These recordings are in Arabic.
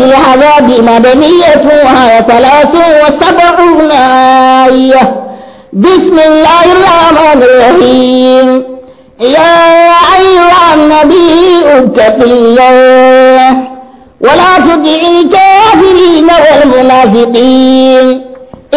العذاب مدنية ثلاث وسبع آية بسم الله الرحمن الرحيم يا أيها النبي اتق الله ولا تطع الكافرين والمنافقين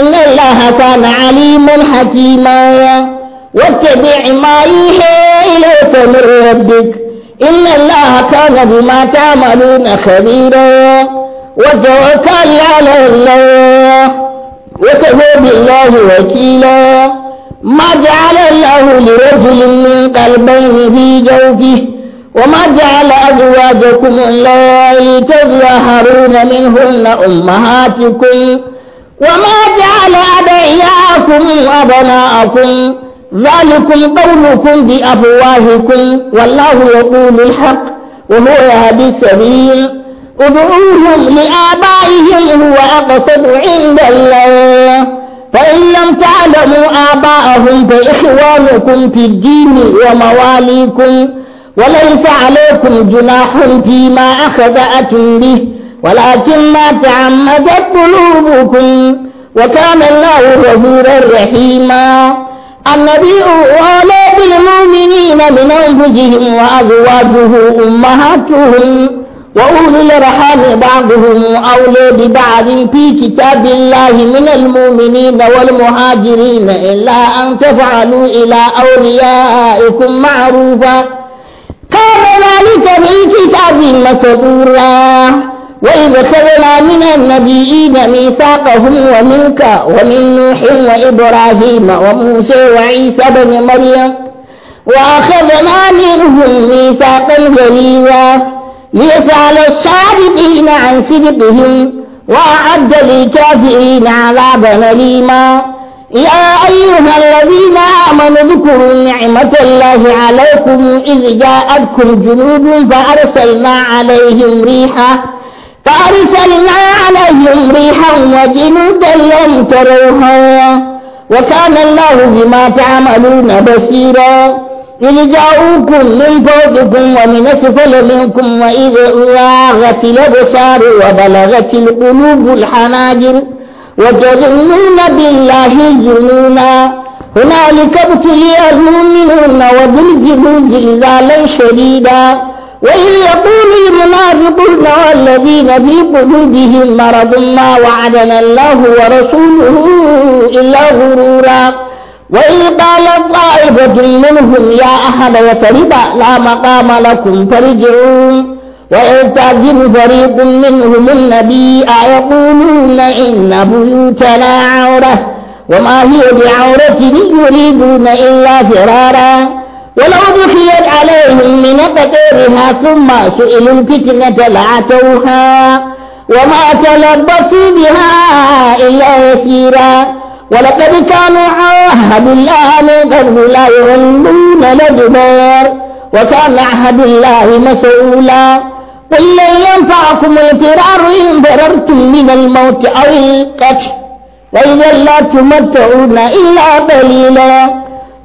إن الله كان عليما حكيما واتبع ما يوحى إليك من ربك إن الله كان بما تعملون خبيرا وتوكل على الله وكفى بالله وكيلا ما جعل الله لرجل من قلبين في جوفه وما جعل أزواجكم الله تظاهرون منهن أمهاتكم وما جعل أدعياءكم أبناءكم ذلكم قولكم بأفواهكم والله يقول الحق وهو يهدي السبيل ادعوهم لآبائهم هو أقصد عند الله فإن لم تعلموا آباءهم فإخوانكم في الدين ومواليكم وليس عليكم جناح فيما أخذأتم به ولكن ما تعمدت قلوبكم وكان الله غفورا رحيما النبي أولى بالمؤمنين من أنفسهم وأزواجه أمهاتهم وأولي الأرحام بعضهم أولى ببعض في كتاب الله من المؤمنين والمهاجرين إلا أن تفعلوا إلى أوليائكم معروفا كان ذلك في كتاب مسطورا وإذ أخذنا من النبيين ميثاقهم ومنك ومن نوح وإبراهيم وموسى وعيسى بن مريم وأخذنا منهم ميثاقا غليظا ليسأل الصادقين عن صدقهم وأعد للكافرين عذابا أليما يا أيها الذين آمنوا اذكروا نعمة الله عليكم إذ جاءتكم جنود فأرسلنا عليهم ريحًا فأرسلنا عليهم ريحا وجنودا لم تروها وكان الله بما تعملون بصيرا إذ جاءوكم من فوقكم ومن أسفل منكم وإذ واغت الأبصار وبلغت القلوب الحناجر وتظنون بالله الظنونا هنالك ابتلي المؤمنون وزلزلوا زلزالا شديدا وإذ يقول المنافقون والذين في قلوبهم مرض ما وعدنا الله ورسوله إلا غرورا وإذ قالت طائفة منهم يا أهل يثرب لا مقام لكم فارجعون ويعتذر فريق منهم النبي أيقولون إن بيوتنا عورة وما هي بعورة يريدون إلا فرارا ولو بخيت عليهم من قدرها ثم سئلوا الفتنة لعتوها وما تلبسوا بها إلا يسيرا ولقد كانوا عهد الله من قبل لا يغلون الأدبار وكان عهد الله مسؤولا قل لن ينفعكم الفرار إن فررتم من الموت أو القتل وإذا لا تمتعون إلا قليلا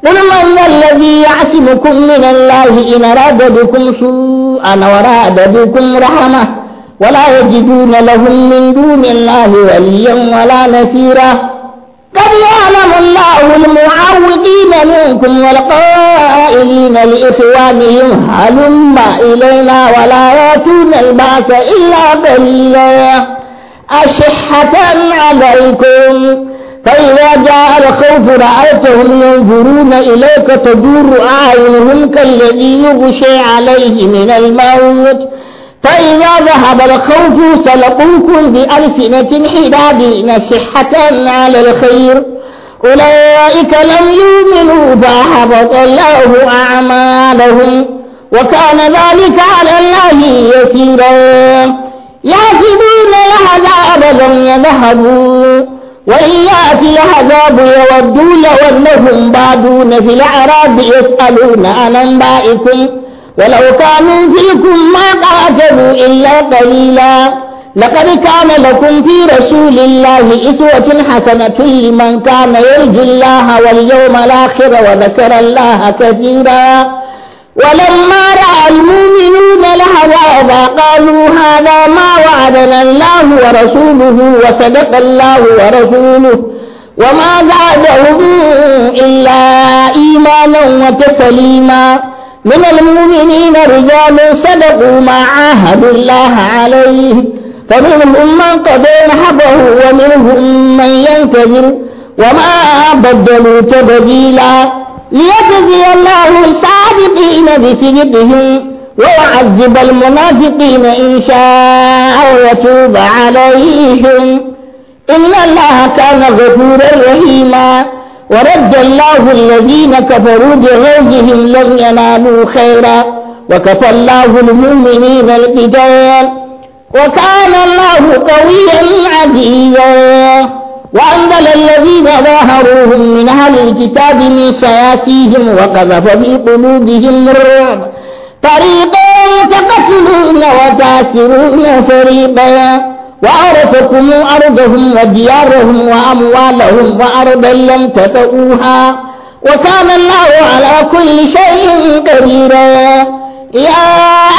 قل من ذا الذي يعصمكم من الله إن أراد بكم سوءا وراد بكم رحمة ولا يجدون لهم من دون الله وليا ولا نصيرا قد يعلم الله المعوقين منكم والقائلين لإخوانهم هلم إلينا ولا يأتون البعث إلا بليا أشحة عليكم فإذا جاء الخوف رأيتهم ينظرون إليك تدور أعينهم كالذي يغشي عليه من الموت فإذا ذهب الخوف سلقوكم بألسنة حداد نصحة على الخير أولئك لم يؤمنوا فأحبط الله أعمالهم وكان ذلك على الله يسيرا يحسبون العذاب أبدا يذهبوا وإن يأتي العذاب يودوا لو أنهم بعدون في الأعراب يسألون عن أنبائكم ولو كانوا فيكم ما قاتلوا إلا قليلا لقد كان لكم في رسول الله أسوة حسنة لمن كان يرجو الله واليوم الآخر وذكر الله كثيرا ولما رأى المؤمنون لهوا قالوا هذا ما وعدنا الله ورسوله وصدق الله ورسوله وما زادهم إلا إيمانا وتسليما من المؤمنين رجال صدقوا ما عاهدوا الله عليه فمنهم من قضى نحبه ومنهم من ينتظر وما بدلوا تبديلا ليجزي الله المؤمنين بسجدهم ويعذب المنافقين إن شاء ويتوب عليهم إن الله كان غفورا رحيما ورد الله الذين كفروا بغيظهم لم ينالوا خيرا وكفى الله المؤمنين القتال وكان الله قويا عزيزا وأنزل الذين ظاهروهم من أهل الكتاب من سياسيهم وقذف في قلوبهم الرعب فريقا تقتلون وتأسرون فريقا وأرثكم أرضهم وديارهم وأموالهم وأرضا لم تطئوها وكان الله على كل شيء قديرا يا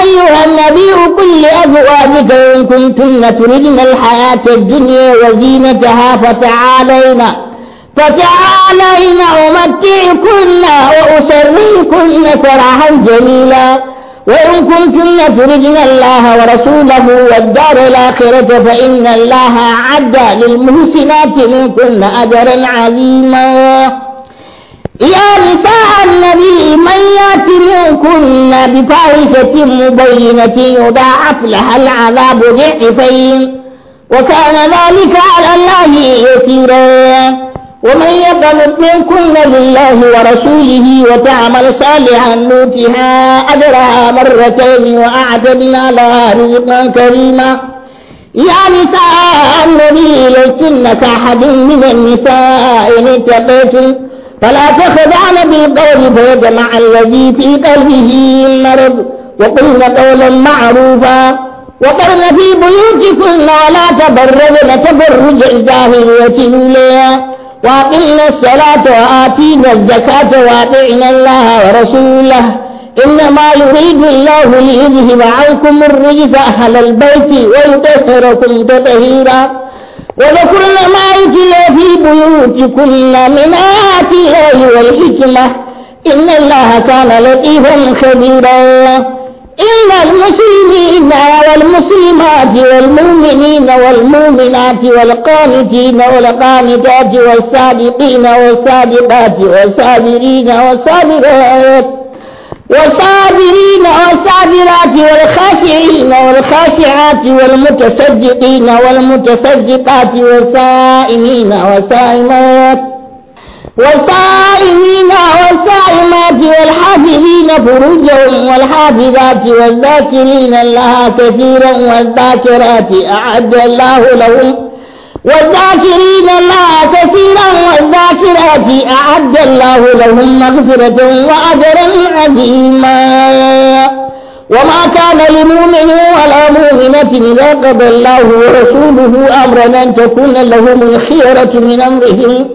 أيها النبي قل لأزواجك إن كنتن تردن الحياة الدنيا وزينتها فتعالينا فتعالينا أمتعكن وأسريكن سراحا جميلا وإن كنتن تردن الله ورسوله والدار الآخرة فإن الله أعد للمحسنات منكن أجرا عظيما يا نساء النبي من يات منكن بفاحشة مبينة يضاعف لها العذاب ضعفين وكان ذلك على الله يسيرا ومن يقنط منكن لله ورسوله وتعمل صالحا نوتها أجرها مرتين وأعتدنا لها رزقا كريما يا نساء النبي لستن أحد من النساء إن اتقيتن فلا تخدعن بالقول فيجمع الذي في قلبه مرض وقلن قولا معروفا وقرن في بيوتكن ولا تبرجن تبرج الجاهلية الأولى وأقمن الصلاة وآتينا الزكاة وأطعنا الله ورسوله إنما يريد الله ليذهب عنكم الرجس أهل البيت ويطهركم تطهيرا وذكرنا البيوت كل من آيات الله والحكمة إن الله كان لطيفا خبيرا إن المسلمين والمسلمات والمؤمنين والمؤمنات والقانتين والقانتات والصادقين والصادقات والصابرين والصابرات والصابرين والصابرات والخاشعين والخاشعات والمتصدقين والمتصدقات والصائمين والصائمات والصائمين والصائمات والحافظين فروجهم والحافظات والذاكرين الله كثيرا والذاكرات أعد الله لهم والذاكرين الله كثيرا والذاكرات أعد الله لهم مغفرة وأجرا عظيما وما كان لمؤمن ولا مؤمنة إذا قضى الله ورسوله أمرا أن تكون لهم الخيرة من أمرهم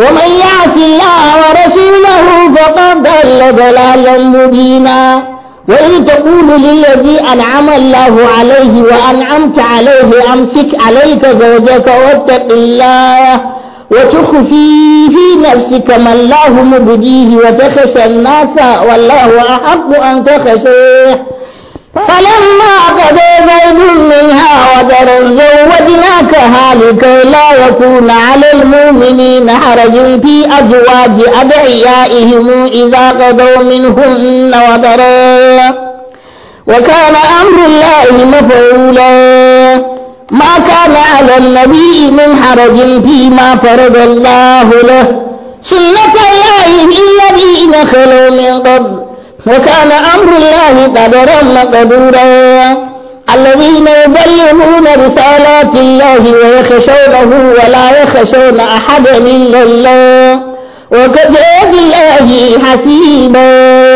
ومن يعص الله ورسوله فقد ضل ضلالا مبينا وإن تقول للذي أنعم الله عليه وأنعمت عليه أمسك عليك زوجك واتق الله وتخفي في نفسك ما الله مبديه وتخشى الناس والله أحق أن تخشيه فلما قضى زيد منها وجر زوجناكها لكي لا يكون على المؤمنين حرج في أزواج أدعيائهم إذا قضوا منهن وجرا وكان أمر الله مفعولا ما كان على النبي من حرج فيما فرض الله له سنة الله في الذين خلوا من قبل وكان أمر الله قدرا مقدورا الذين يبلغون رسالات الله ويخشونه ولا يخشون أحدا إلا الله وكفى بالله حسيبا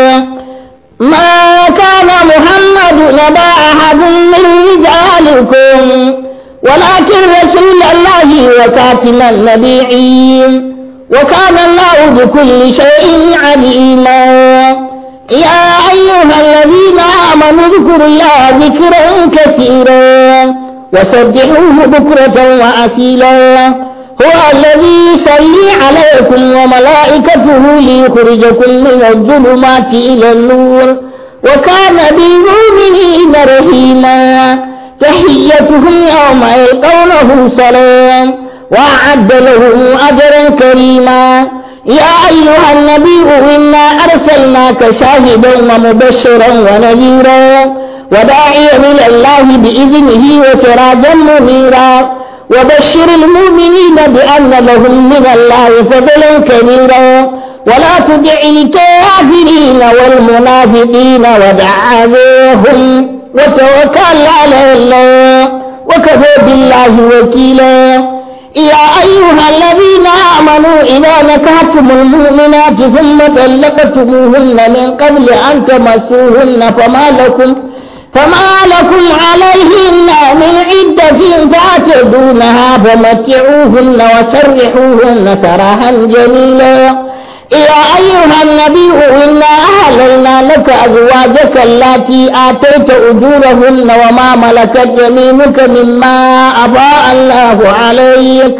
ما كان محمد نبا أحد من رجالكم ولكن رسول الله وكاتم النبيين وكان الله بكل شيء عليما يا أيها الذين آمنوا اذكروا الله ذكرا كثيرا وسبحوه بكرة وأسيلا هو الذي يصلي عليكم وملائكته ليخرجكم من الظلمات إلى النور وكان بالمؤمنين رحيما تحيتهم يوم يلقونه سلام وأعد لهم أجرا كريما يا أيها النبي إنا أرسلناك شاهدا ومبشرا ونذيرا وداعيا إلى الله بإذنه وسراجا منيرا وبشر المؤمنين بأن لهم من الله فضلا كبيرا ولا تدع الكافرين والمنافقين ودع أذيهم وتوكل على الله وكفى بالله وكيلا يا أيها الذين آمنوا إذا نكحتم المؤمنات ثم طلقتموهن من قبل أن تمسوهن فما لكم فما لكم عليهن من عدة تعتدونها فمتعوهن وسرحوهن سراحا جميلا يا أيها النبي إنا أهللنا لك أزواجك التي آتيت أجورهن وما ملكت يمينك مما أفاء الله عليك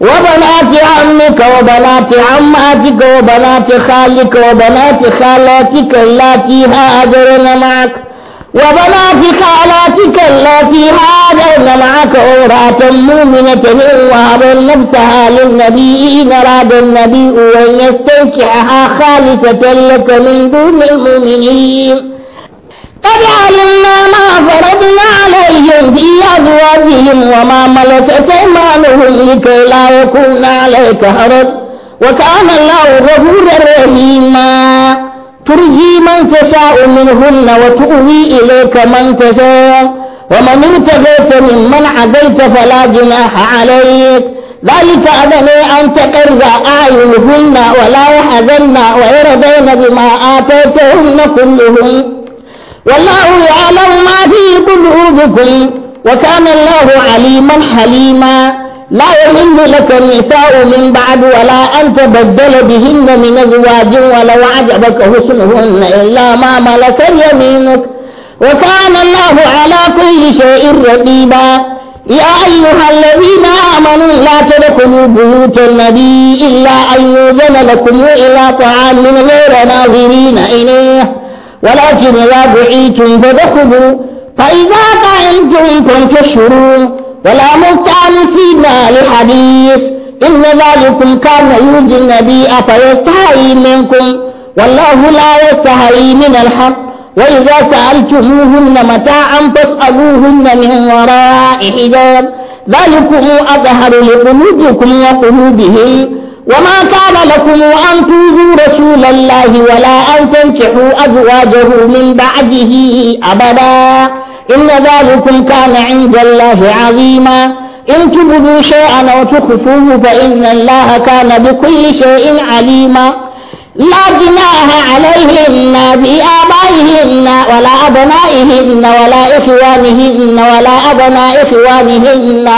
وبنات عمك وبنات عماتك وبنات خالك وبنات خالاتك التي هاجرن معك وبناتك خالاتك التي هاجرن معك أوراة مؤمنة وهب نفسها للنبي إن أراد النبي أن يستنكحها خالصة لك من دون المؤمنين قد علمنا ما فرضنا عليهم في أزواجهم وما ملكت أيمانهم لكي لا يكون عليك حرج وكان الله غفورا رحيما ترجي من تشاء منهن وتؤوي إليك من تشاء ومن ابتغيت ممن عديت فلا جناح عليك ذلك أدني أن تقر أعينهن ولا يحزن ويرضين بما آتيتهن كلهن والله يعلم ما في قلوبكم وكان الله عليما حليما لا يحل لك النساء من بعد ولا أن تبدل بهن من أزواج ولو عجبك حسنهن إلا ما ملك يمينك وكان الله على كل شيء رقيبا يا أيها الذين آمنوا لا تدخلوا بيوت النبي إلا أن يؤذن لكم إلى طعام من غير ناظرين إليه ولكن إذا دعيتم فدخلوا فإذا طعمتم فانتشروا ولا مستعن فيما لحديث إن ذلكم كان يوجي النبي فيستحي منكم والله لا يستحي من الحق وإذا سألتموهن متاعا فاسألوهن من وراء حجاب ذلكم أظهر لقلوبكم وقلوبهم وما كان لكم أن تؤذوا رسول الله ولا أن تنكحوا أزواجه من بعده أبدا إن ذلكم كان عند الله عظيما إن تبدوا شيئا أو تخفوه فإن الله كان بكل شيء عليما لا جناح عليهن بآبائهن ولا أبنائهن ولا إخوانهن ولا أبناء إخوانهن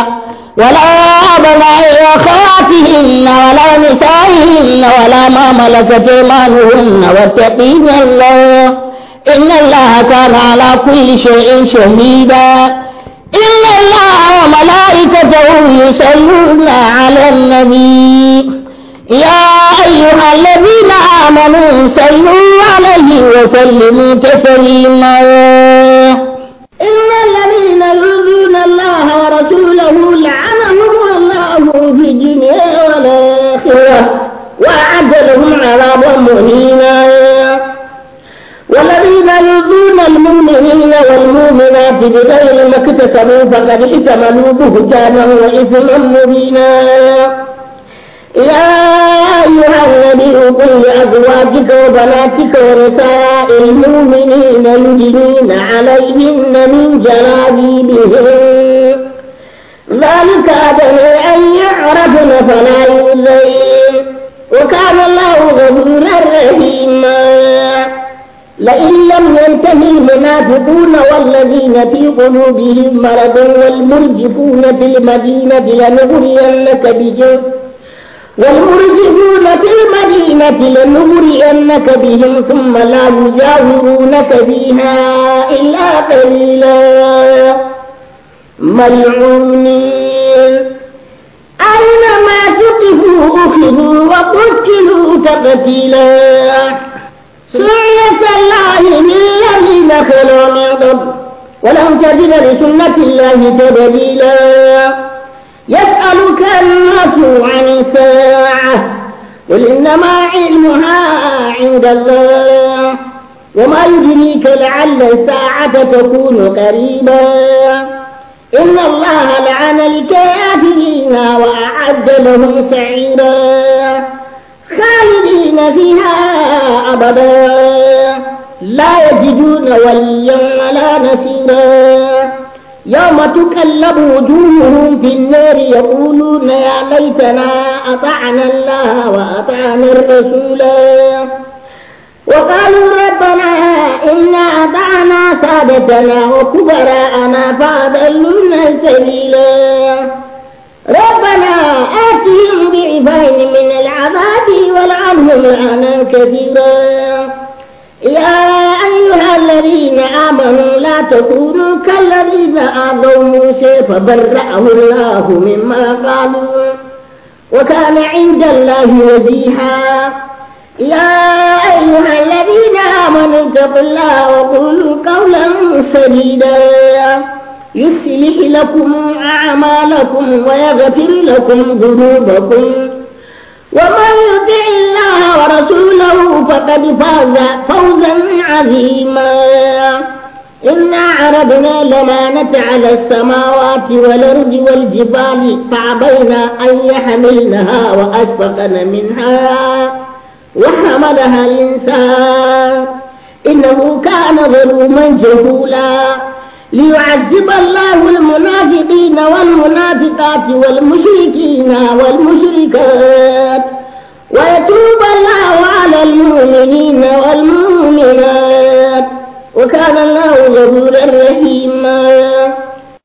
ولا أبناء أخواتهن ولا نسائهن ولا ما ملكت إيمانهن واتقين الله إن الله كان على كل شيء شهيدا إن الله وملائكته يصلون على النبي يا أيها الذين آمنوا صلوا عليه وسلموا تسليما بغير ما اكتسبوا فقد احتملوا بهتانا وإثما مبينا يا أيها النبي قل لأزواجك وبناتك ونساء المؤمنين يدنين عليهن من جلابيبهن ذلك أدنى أن ينتهيهم المنافقون والذين في قلوبهم مرض والمرجفون في المدينة لنغرينك بهم والمرجفون في المدينة لنغرينك بهم ثم لا يجاورونك فيها إلا قليلا ملعونين أينما تقفوا أخذوا وقتلوا تقتيلا سنة الله للذين خلوا من قبل تجد لسنة الله تبديلا يسألك الناس عن الساعة قل إنما علمها عند الله وما يدريك لعل الساعة تكون قريبا إن الله لعن الكافرين وأعد لهم سعيرا خالدين فيها أبدا لا يجدون وليا ولا نصيرا يوم تقلب وجوههم في النار يقولون يا ليتنا أطعنا الله وأطعنا الرسول وقالوا ربنا إنا أطعنا سادتنا وكبراءنا فأضلونا سبيلا ربنا آتهم بعفين من العذاب والعنهم لعنا كثيرا يا أيها الذين آمنوا لا تكونوا كالذين آذوا موسى فبرأه الله مما قالوا وكان عند الله وزيها يا أيها الذين آمنوا اتقوا الله وقولوا قولا سديدا يصلح لكم أعمالكم ويغفر لكم ذنوبكم ومن يطع الله ورسوله فقد فاز فوزا عظيما إنا عرضنا الأمانة على السماوات والأرض والجبال فعبينا أن يحملنها وأشفقن منها وحملها الإنسان إنه كان ظلوما جهولا ليعذب الله المنافقين والمنافقات والمشركين والمشركات ويتوب الله على المؤمنين والمؤمنات وكان الله غفورا رحيما